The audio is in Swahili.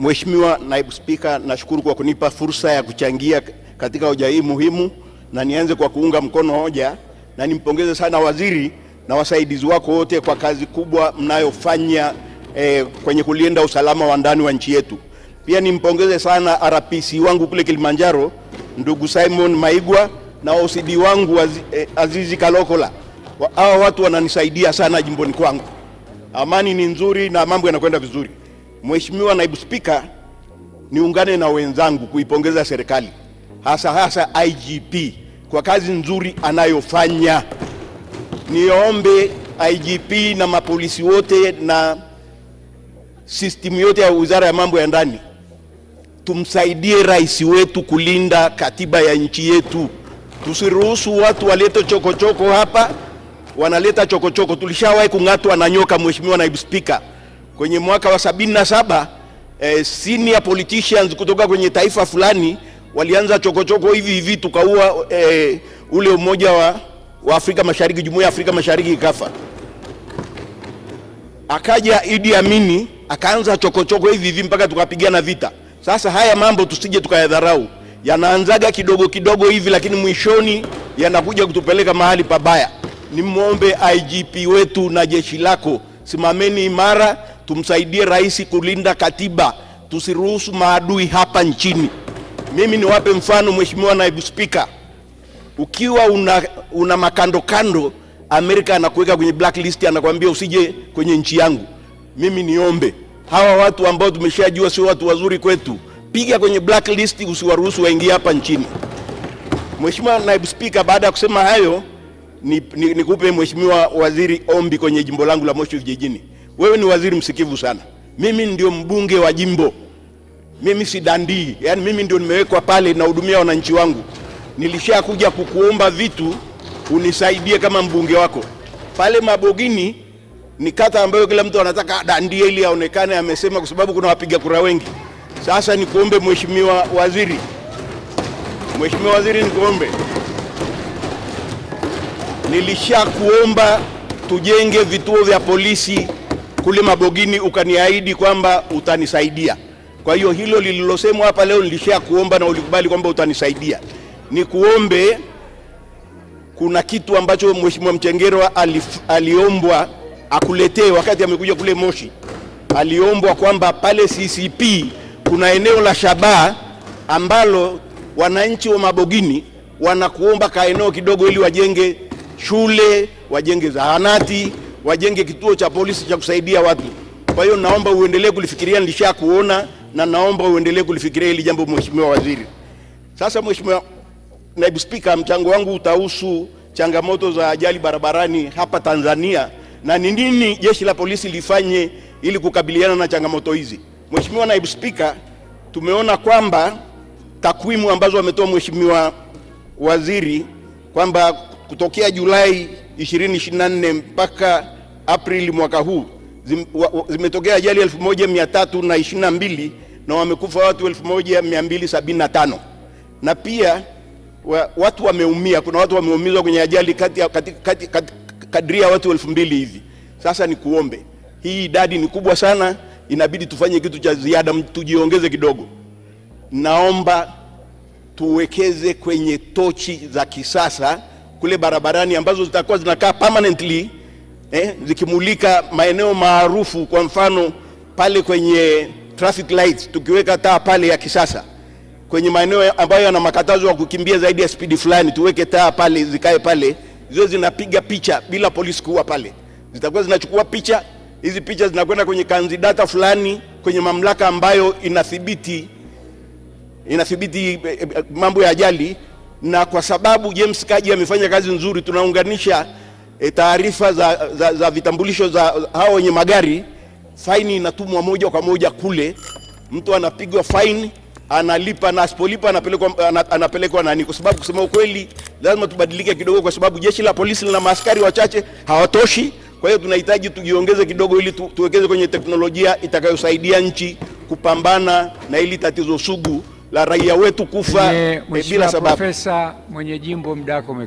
Mheshimiwa Naibu Spika, nashukuru kwa kunipa fursa ya kuchangia katika hoja hii muhimu, na nianze kwa kuunga mkono hoja na nimpongeze sana waziri na wasaidizi wako wote kwa kazi kubwa mnayofanya eh, kwenye kulinda usalama wa ndani wa nchi yetu. Pia nimpongeze sana RPC wangu kule Kilimanjaro, ndugu Simon Maigwa na OCD wangu eh, Azizi Kalokola. Hawa watu wananisaidia sana jimboni kwangu. Amani ni nzuri na mambo yanakwenda vizuri. Mheshimiwa Naibu Spika, niungane na wenzangu kuipongeza serikali hasa hasa IGP kwa kazi nzuri anayofanya. Niombe IGP na mapolisi wote na system yote ya Wizara ya Mambo ya Ndani tumsaidie rais wetu kulinda katiba ya nchi yetu. Tusiruhusu watu walete chokochoko hapa, wanaleta chokochoko. Tulishawahi kung'atwa na nyoka, Mheshimiwa Naibu Spika kwenye mwaka wa sabini na saba eh, senior politicians kutoka kwenye taifa fulani walianza chokochoko hivi hivi, tukaua eh, ule umoja wa, wa Afrika Mashariki, jumuiya ya Afrika Mashariki ikafa. Akaja Idi Amini akaanza chokochoko hivi hivi mpaka tukapigana vita. Sasa haya mambo tusije tukayadharau, yanaanzaga kidogo kidogo hivi, lakini mwishoni yanakuja kutupeleka mahali pabaya. Nimwombe IGP wetu na jeshi lako, simameni imara tumsaidie rais kulinda katiba, tusiruhusu maadui hapa nchini. Mimi niwape mfano, Mheshimiwa Naibu Spika, ukiwa una, una makandokando Amerika anakuweka kwenye blacklist, anakuambia usije kwenye nchi yangu. Mimi niombe hawa watu ambao tumeshajua sio watu wazuri kwetu, piga kwenye blacklist, usiwaruhusu waingie hapa nchini. Mheshimiwa Naibu Spika, baada ya kusema hayo, nikupe ni, ni Mheshimiwa Waziri ombi kwenye jimbo langu la Moshi Vijijini. Wewe ni waziri msikivu sana. Mimi ndio mbunge wa jimbo, mimi si dandii. Yaani mimi ndio nimewekwa pale, nahudumia wananchi wangu. Nilishakuja kukuomba vitu unisaidie kama mbunge wako pale Mabogini ni kata ambayo kila mtu anataka dandie ili aonekane amesema, kwa sababu kuna wapiga kura wengi. Sasa nikuombe mheshimiwa waziri, mheshimiwa waziri, nikuombe, nilishakuomba tujenge vituo vya polisi kule Mabogini ukaniahidi kwamba utanisaidia. Kwa hiyo hilo lililosemwa hapa leo nilishia kuomba na ulikubali kwamba utanisaidia. Ni kuombe kuna kitu ambacho Mheshimiwa Mchengerwa alif, aliombwa akuletee wakati amekuja kule Moshi, aliombwa kwamba pale CCP kuna eneo la shabaha ambalo wananchi wa Mabogini wanakuomba kaeneo kidogo, ili wajenge shule, wajenge zahanati wajenge kituo cha polisi cha kusaidia watu. Kwa hiyo naomba uendelee kulifikiria, nilishakuona na naomba uendelee kulifikiria hili jambo, Mheshimiwa Waziri. Sasa Mheshimiwa Naibu Spika, mchango wangu utahusu changamoto za ajali barabarani hapa Tanzania na ni nini jeshi la polisi lifanye ili kukabiliana na changamoto hizi. Mheshimiwa Naibu Spika, tumeona kwamba takwimu ambazo ametoa Mheshimiwa Waziri kwamba kutokea Julai 2024 mpaka Aprili mwaka huu zim, zimetokea ajali 1322 na wamekufa watu 1275 na pia wa, watu wameumia, kuna watu wameumizwa kwenye ajali kati, kati, kati, kati, kadria watu elfu mbili hivi. Sasa ni kuombe, hii idadi ni kubwa sana, inabidi tufanye kitu cha ziada, tujiongeze kidogo. Naomba tuwekeze kwenye tochi za kisasa kule barabarani ambazo zitakuwa zinakaa permanently eh, zikimulika maeneo maarufu. Kwa mfano pale kwenye traffic lights, tukiweka taa pale ya kisasa kwenye maeneo ambayo yana makatazo ya kukimbia zaidi ya spidi fulani, tuweke taa pale, zikae pale, zio zinapiga picha bila polisi kuwa pale. Zitakuwa zinachukua picha, hizi picha zinakwenda kwenye data fulani kwenye mamlaka ambayo inathibiti inathibiti eh, eh, mambo ya ajali, na kwa sababu James Kaji amefanya kazi nzuri, tunaunganisha e, taarifa za, za, za vitambulisho za hao wenye magari, faini inatumwa moja kwa moja kule, mtu anapigwa faini analipa na asipolipa anapelekwa anapelekwa nani? Kwa sababu kusema ukweli, lazima tubadilike kidogo, kwa sababu jeshi la polisi lina maaskari wachache, hawatoshi. Kwa hiyo tunahitaji tujiongeze kidogo, ili tu, tuwekeze kwenye teknolojia itakayosaidia nchi kupambana na hili tatizo sugu la raia wetu kufa e, bila sababu. Profesa mwenye jimbo mdako